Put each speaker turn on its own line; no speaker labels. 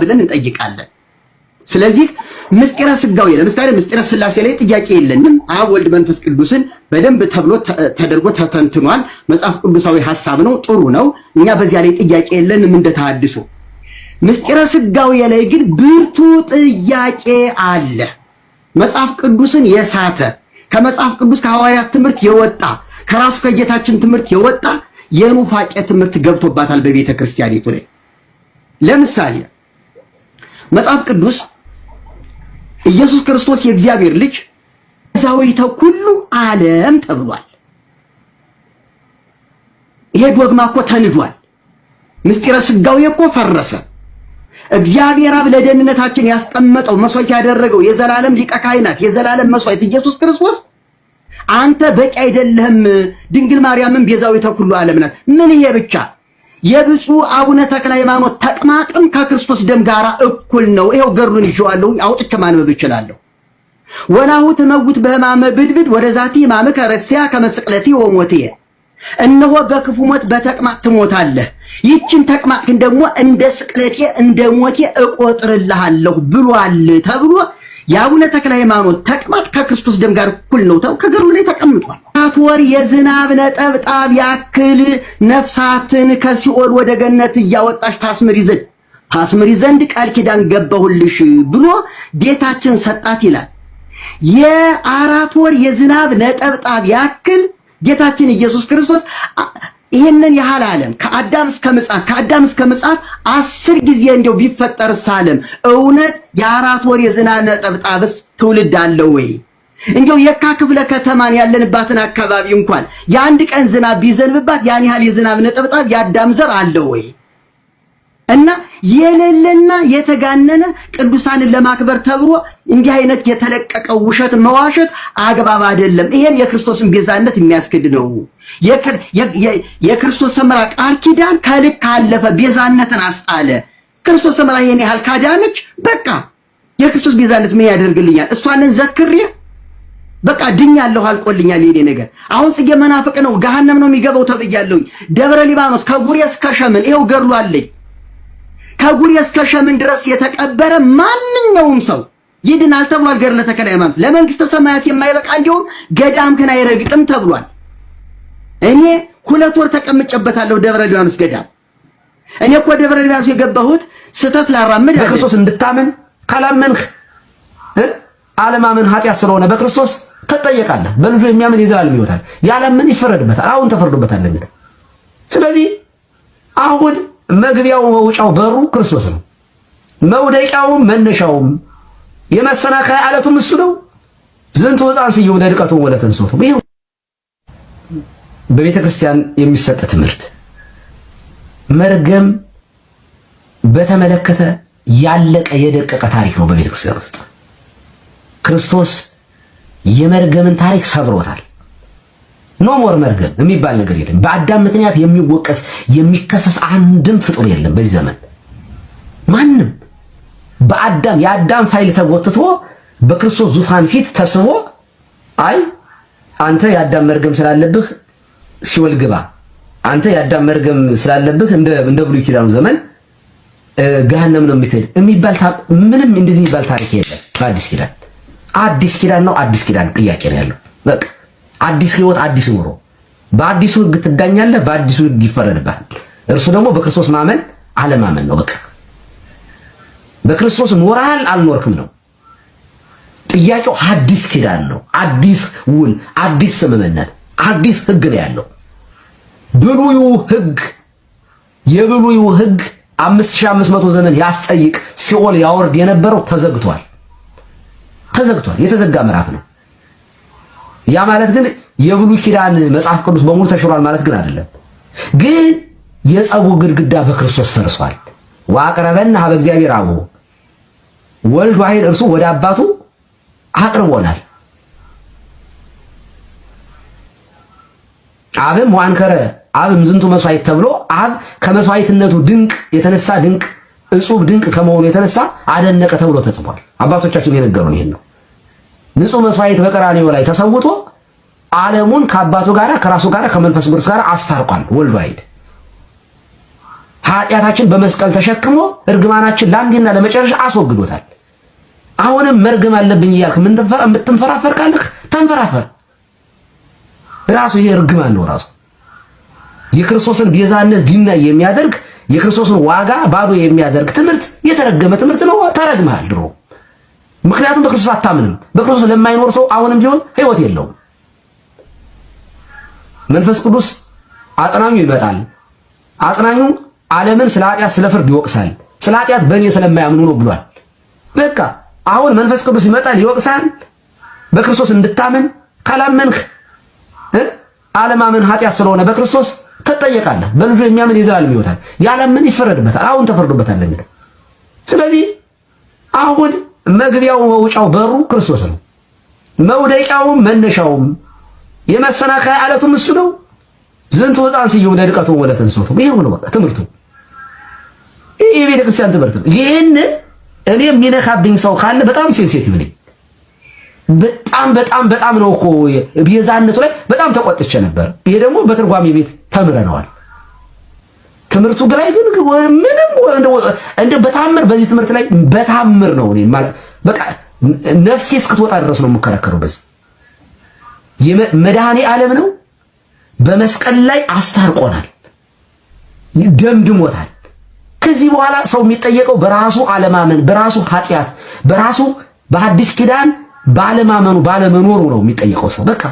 ብለን እንጠይቃለን። ስለዚህ ምስጢረ ስጋዌ ለምሳሌ ምስጢረ ስላሴ ላይ ጥያቄ የለንም። አብ ወልድ መንፈስ ቅዱስን በደንብ ተብሎ ተደርጎ ተተንትኗል። መጽሐፍ ቅዱሳዊ ሐሳብ ነው፣ ጥሩ ነው። እኛ በዚያ ላይ ጥያቄ የለንም እንደተሐድሶ። ምስጢረ ስጋዊ ላይ ግን ብርቱ ጥያቄ አለ። መጽሐፍ ቅዱስን የሳተ ከመጽሐፍ ቅዱስ ከሐዋርያት ትምህርት የወጣ ከራሱ ከጌታችን ትምህርት የወጣ የኑፋቄ ትምህርት ገብቶባታል በቤተ ክርስቲያኒቱ ላይ ለምሳሌ መጽሐፍ ቅዱስ ኢየሱስ ክርስቶስ የእግዚአብሔር ልጅ ቤዛዊተ ኩሉ ዓለም ተብሏል። ይሄ ዶግማ እኮ ተንዷል። ምስጢረ ስጋዊ እኮ ፈረሰ። እግዚአብሔር አብ ለደህንነታችን ያስቀመጠው መስዋዕት ያደረገው የዘላለም ሊቀ ካህናት የዘላለም መስዋዕት ኢየሱስ ክርስቶስ አንተ በቂ አይደለህም፣ ድንግል ማርያምን ቤዛዊተ ኩሉ ዓለም ናት። ምን ይሄ ብቻ የብፁዕ አቡነ ተክለ ሃይማኖት ተቅማጥም ከክርስቶስ ደም ጋር እኩል ነው። ይኸው ገድሉን ይዤዋለሁ፣ አውጥቼ ማንበብ እችላለሁ። ወናሁት መውት በሕማመ ብድብድ ወደዛቲ ሕማም ከረሲያ ከመስቅለቲ ወሞትየ እነሆ በክፉ ሞት በተቅማጥ ትሞታለህ፣ ይችን ተቅማጥ ግን ደግሞ እንደ ስቅለቴ እንደ ሞቴ እቆጥርልሃለሁ ብሏል ተብሎ የአቡነ ተክለ ሃይማኖት ተቅማጥ ከክርስቶስ ደም ጋር እኩል ነው ተው ከገሩ ላይ ተቀምጧል። አራት ወር የዝናብ ነጠብጣብ ያክል ነፍሳትን ከሲኦል ወደ ገነት እያወጣሽ ታስምሪ ዘንድ ታስምሪ ዘንድ ቃል ኪዳን ገባሁልሽ ብሎ ጌታችን ሰጣት ይላል። የአራት ወር የዝናብ ነጠብጣብ ያክል ጌታችን ኢየሱስ ክርስቶስ ይህንን ያህል ዓለም ከአዳም እስከ ምጽአት ከአዳም እስከ ምጽአት አስር ጊዜ እንደው ቢፈጠርስ ዓለም እውነት የአራት ወር የዝናብ ነጠብጣብስ ትውልድ አለው ወይ? እንዲያው የካ ክፍለ ከተማን ያለንባትን አካባቢ እንኳን የአንድ ቀን ዝናብ ቢዘንብባት ያን ያህል የዝናብ ነጠብጣብ የአዳም ዘር አለው ወይ? እና የሌለና የተጋነነ ቅዱሳንን ለማክበር ተብሎ እንዲህ አይነት የተለቀቀው ውሸት መዋሸት አግባብ አይደለም። ይሄም የክርስቶስን ቤዛነት የሚያስክድ ነው። የክርስቶስ ሰምራ ቃል ኪዳን ከልክ አለፈ፣ ቤዛነትን አስጣለ። ክርስቶስ ሰምራ ይሄን ያህል ካዳነች፣ በቃ የክርስቶስ ቤዛነት ምን ያደርግልኛል? እሷንን ዘክሬ በቃ ድኛለሁ፣ አልቆልኛል የኔ ነገር። አሁን ጽጌ መናፍቅ ነው ገሃነም ነው የሚገባው ተብያለሁኝ። ደብረ ሊባኖስ ከጉሬ እስከ ሸመን ይኸው አለኝ። ከጉሪ እስከ ሸምን ድረስ የተቀበረ ማንኛውም ሰው ይድናል ተብሏል። ገድለ ተክለ ሃይማኖት ለመንግስተ ሰማያት የማይበቃ እንዲሁም ገዳምህን አይረግጥም ተብሏል። እኔ ሁለት ወር ተቀምጨበታለሁ ደብረ ሊባኖስ ገዳም። እኔ እኮ ደብረ ሊባኖስ የገባሁት ስህተት ላራምድ
በክርስቶስ እንድታምን ካላመንህ አለማመን ኃጢአት ስለሆነ በክርስቶስ ትጠየቃለህ። በልጁ የሚያምን የዘላለም ይወታል፣ ያለምን ይፈረድበታል። አሁን ተፈርዶበታል። ስለዚህ አሁን መግቢያው መውጫው በሩ ክርስቶስ ነው። መውደቂያውም መነሻውም የመሰናከያ አለቱም እሱ ነው። ዝንቱ ሕፃን ስዩም ለድቀቱ ወለተንሥኦቱ ይሄው በቤተ ክርስቲያን የሚሰጥ ትምህርት መርገም በተመለከተ ያለቀ የደቀቀ ታሪክ ነው። በቤተ ክርስቲያን ውስጥ ክርስቶስ የመርገምን ታሪክ ሰብሮታል። ኖ ሞር መርገም የሚባል ነገር የለም። በአዳም ምክንያት የሚወቀስ የሚከሰስ አንድም ፍጡር የለም በዚህ ዘመን ማንም። በአዳም የአዳም ፋይል ተጎትቶ በክርስቶስ ዙፋን ፊት ተስቦ አይ አንተ የአዳም መርገም ስላለብህ ሲኦል ግባ፣ አንተ የአዳም መርገም ስላለብህ እንደ እንደ ብሉይ ኪዳኑ ዘመን ገሃነም ነው የሚከድ የሚባል ምንም እንደዚህ የሚባል ታሪክ የለም በአዲስ ኪዳን። አዲስ ኪዳን ነው አዲስ ኪዳን ጥያቄ ነው ያለው በቃ አዲስ ህይወት፣ አዲስ ኑሮ። በአዲሱ ህግ ትዳኛለህ፣ በአዲሱ ህግ ይፈረድባል። እርሱ ደግሞ በክርስቶስ ማመን አለማመን ነው። በቃ በክርስቶስ ኖርሃል አልኖርክም ነው ጥያቄው። አዲስ ኪዳን ነው፣ አዲስ ውል፣ አዲስ ስምምነት፣ አዲስ ህግ ነው ያለው። ብሉዩ ህግ የብሉዩ ህግ 5500 ዘመን ያስጠይቅ ሲኦል ያወርድ የነበረው ተዘግቷል፣ ተዘግቷል። የተዘጋ ምዕራፍ ነው። ያ ማለት ግን የብሉይ ኪዳን መጽሐፍ ቅዱስ በሙሉ ተሽሯል ማለት ግን አይደለም። ግን የጸቡ ግድግዳ በክርስቶስ ፈርሷል። ወአቅረበነ ሀበ እግዚአብሔር አቡ ወልድ ዋሕድ እርሱ ወደ አባቱ አቅርቦናል። አብም ዋንከረ አብም ዝንቱ መስዋዕት ተብሎ አብ ከመስዋዕትነቱ ድንቅ የተነሳ ድንቅ እጹብ ድንቅ ከመሆኑ የተነሳ አደነቀ ተብሎ ተጽፏል። አባቶቻችን የነገሩን ይሄን ነው። ንጹህ መስዋዕት በቀራንዮ ላይ ተሰውቶ ዓለሙን ከአባቱ ጋር ከራሱ ጋር ከመንፈስ ቅዱስ ጋር አስታርቋል። ወልዱ አይድ ኃጢአታችን በመስቀል ተሸክሞ እርግማናችን ለአንዴና ለመጨረሻ አስወግዶታል። አሁንም መርግም አለብኝ እያልክ የምትንፈራፈር ካለህ ተንፈራፈር። ራሱ ይሄ እርግማን ነው። ራሱ የክርስቶስን ቤዛነት ዲና የሚያደርግ የክርስቶስን ዋጋ ባዶ የሚያደርግ ትምህርት የተረገመ ትምህርት ነው። ተረግመሃል ድሮ ምክንያቱም በክርስቶስ አታምንም። በክርስቶስ ለማይኖር ሰው አሁንም ቢሆን ህይወት የለውም። መንፈስ ቅዱስ አጽናኙ ይመጣል። አጽናኙ ዓለምን ስለ ኃጢአት ስለ ፍርድ ይወቅሳል። ስለ ኃጢአት በእኔ ስለማያምኑ ነው ብሏል። በቃ አሁን መንፈስ ቅዱስ ይመጣል፣ ይወቅሳል። በክርስቶስ እንድታምን ካላመንህ አለማመን ኃጢአት ስለሆነ በክርስቶስ ትጠየቃለህ። በልጁ የሚያምን የዘላለም ይወታል፣ ያለምን ይፈረድበታል። አሁን ተፈርዶበታል ስለዚህ አሁን መግቢያው መውጫው በሩ ክርስቶስ ነው። መውደቂያውም መነሻውም የመሰናከያ አለቱም እሱ ነው። ዝንቱ ሕፃን ስየው ለድቀቱ ወለተንስቱ ይሄው ነው በቃ ትምህርቱ። ይሄ የቤተ ክርስቲያን ትምህርት ነው። እኔ የሚነካብኝ ሰው ካለ በጣም ሴንሲቲቭ ነኝ። በጣም በጣም በጣም ነው እኮ ቤዛነቱ ላይ በጣም ተቆጥቼ ነበር። ይሄ ደግሞ በትርጓሜ ቤት ተምረነዋል። ትምህርቱ ላይ ግን ምንም እንደ በታምር በዚህ ትምህርት ላይ በታምር ነው እኔ ማለት በቃ ነፍሴ እስክትወጣ ድረስ ነው የምከራከረው። በዚህ መድኃኔ ዓለም ነው በመስቀል ላይ አስታርቆናል፣ ደምድሞታል። ከዚህ በኋላ ሰው የሚጠየቀው በራሱ አለማመን፣ በራሱ ኃጢአት፣ በራሱ በአዲስ ኪዳን ባለማመኑ ባለመኖሩ ነው የሚጠየቀው ሰው በቃ